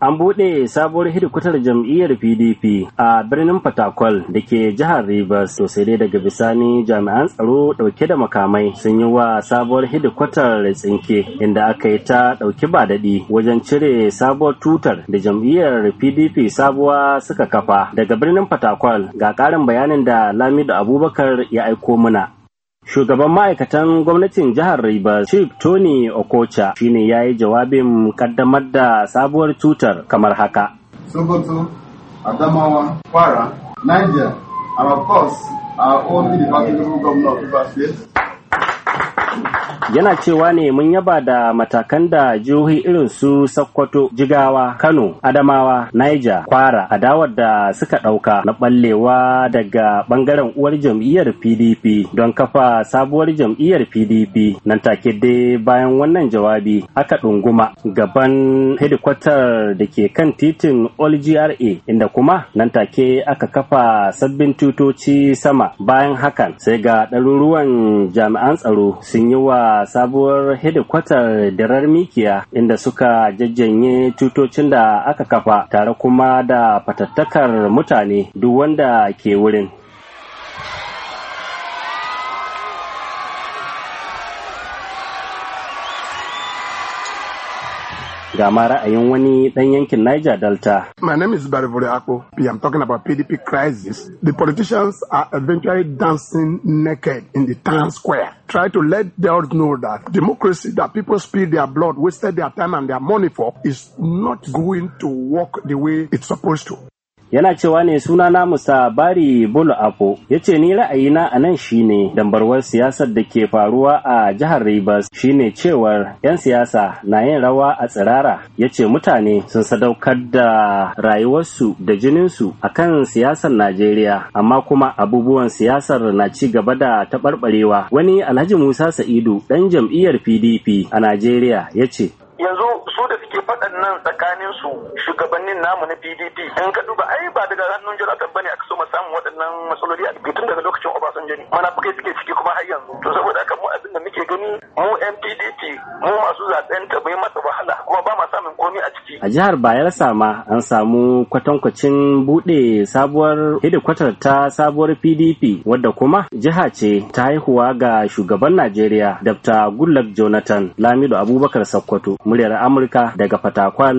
An buɗe sabuwar hidikutar jam'iyyar PDP a birnin Fatakwal da ke jihar Rivers Sosai dai daga bisani jami'an tsaro ɗauke da makamai sun yi wa sabuwar hidikutar tsinke inda aka yi ta ɗauki ba daɗi wajen cire sabuwar tutar da jam'iyyar PDP sabuwa suka kafa. Daga birnin Fatakwal ga ƙarin bayanin da Lamidu Abubakar ya aiko mana Shugaban ma'aikatan gwamnatin jihar Rivers, Chief Tony Okocha, shine ya yi jawabin kaddamar da sabuwar tutar kamar haka. Sokoto, Adamawa, Kwara, Niger, and of course, our own Department of Government of Rivers State. yana cewa ne mun yaba da matakan da jihohi irin su Sokoto, Jigawa, Kano, Adamawa, Niger, Kwara, adawar da suka ɗauka na ɓallewa daga ɓangaren uwar jam'iyyar PDP don kafa sabuwar jam'iyyar PDP nan take dai bayan wannan jawabi aka ɗunguma gaban hedikwatar da ke kan titin All inda kuma nan take aka kafa sabbin tutoci sama bayan hakan sai ga ɗaruruwan jami'an tsaro sun yi wa sabuwar hedikwatar dirar mikiya inda suka jajjanye tutocin da aka kafa tare kuma da fatattakar mutane duk wanda ke wurin ga ma ra'ayin wani dan yankin Niger Delta. My name is Barivore Ako. I'm talking about PDP crisis. The politicians are eventually dancing naked in the town square. Try to let the world know that democracy that people spill their blood, wasted their time and their money for is not going to work the way it's supposed to. yana cewa ne suna na musa bari bulu apo ya ce ni ra'ayina a nan shine dambarwar siyasar da ke faruwa a jihar Ribas shine cewar 'yan siyasa na yin rawa a tsirara ya ce mutane sun sadaukar da rayuwarsu da jininsu a kan siyasar najeriya amma kuma abubuwan siyasar na ci gaba da taɓarɓarewa wani alhaji musa sa'idu ɗan jam'iyyar pdp a najeriya ya ce namu na PDP in ka duba ai ba daga hannun Jonathan bane aka so mu samu waɗannan matsaloli a tun daga lokacin Obasanjo ne buke suke ciki kuma har yanzu to saboda haka mu abin da muke gani mu NPDP mu masu zaben ta bai masa wahala kuma ba ma samun komai a ciki a jihar Bayelsa ma an samu kwatankwacin buɗe sabuwar hedikwatar ta sabuwar PDP wadda kuma jiha ce ta haihuwa ga shugaban Najeriya Dr. Goodluck Jonathan Lamido Abubakar Sokoto muryar Amurka daga Fatakwal